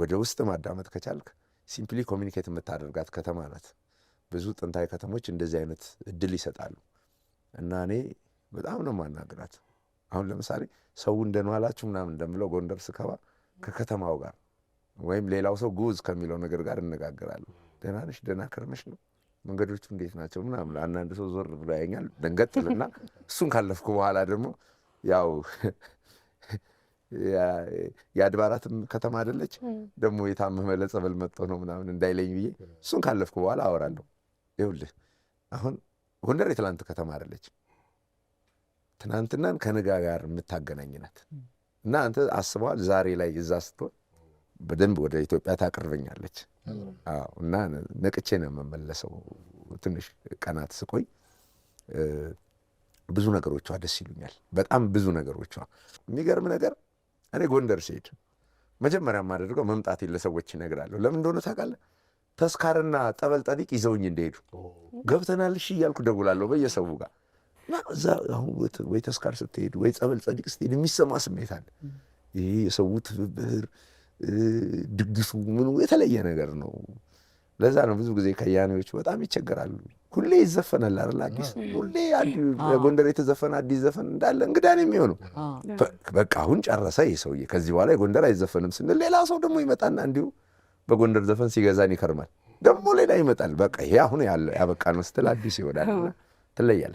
ወደ ውስጥ ማዳመጥ ከቻልክ ሲምፕሊ ኮሚኒኬት የምታደርጋት ከተማ ናት። ብዙ ጥንታዊ ከተሞች እንደዚህ አይነት እድል ይሰጣሉ እና እኔ በጣም ነው ማናግራት። አሁን ለምሳሌ ሰው እንደንዋላችሁ ምናምን እንደምለው ጎንደር ስከባ ከከተማው ጋር ወይም ሌላው ሰው ጉዝ ከሚለው ነገር ጋር እነጋገራለሁ። ደህና ነሽ? ደህና ከርመሽ ነው? መንገዶቹ እንዴት ናቸው? ምናምን አንዳንድ ሰው ዞር ብሎ ያኛል ደንገጥልና እሱን ካለፍኩ በኋላ ደግሞ ያው የአድባራትም ከተማ አይደለች ደግሞ የታመመ ለጸበል መጥቶ ነው ምናምን እንዳይለኝ ብዬ እሱን ካለፍኩ በኋላ አወራለሁ። ይኸውልህ አሁን ጎንደር የትላንት ከተማ አደለች። ትናንትናን ከንጋ ጋር የምታገናኝ ናት። እና አንተ አስበዋል ዛሬ ላይ እዛ ስትሆን በደንብ ወደ ኢትዮጵያ ታቅርበኛለች። እና ነቅቼ ነው የምመለሰው። ትንሽ ቀናት ስቆይ ብዙ ነገሮቿ ደስ ይሉኛል። በጣም ብዙ ነገሮቿ የሚገርም ነገር እኔ ጎንደር ሲሄድ መጀመሪያ የማደርገው መምጣቴን ለሰዎች እነግራለሁ። ለምን እንደሆነ ታውቃለህ? ተስካርና ጠበል ጠዲቅ ይዘውኝ እንደሄዱ ገብተናል እሺ እያልኩ ደውላለሁ በየሰቡ ጋር እዛ አሁን ወይ ተስካር ስትሄድ ወይ ጠበል ጸዲቅ ስትሄድ የሚሰማ ስሜት አለ። ይሄ የሰው ትብብር ድግሱ ምኑ የተለየ ነገር ነው። ለዛ ነው ብዙ ጊዜ ከያኔዎች በጣም ይቸገራሉ። ሁሌ ይዘፈናል አይደል? አዲስ ሁሌ ጎንደር የተዘፈነ አዲስ ዘፈን እንዳለ እንግዳ ነው የሚሆነው። በቃ አሁን ጨረሰ ይህ ሰውዬ፣ ከዚህ በኋላ የጎንደር አይዘፈንም ስንል ሌላ ሰው ደግሞ ይመጣና እንዲሁ በጎንደር ዘፈን ሲገዛን ይከርማል። ደግሞ ሌላ ይመጣል። በቃ ይሄ አሁን ያበቃ ነው ስትል አዲስ ይሆናልና ትለያለች።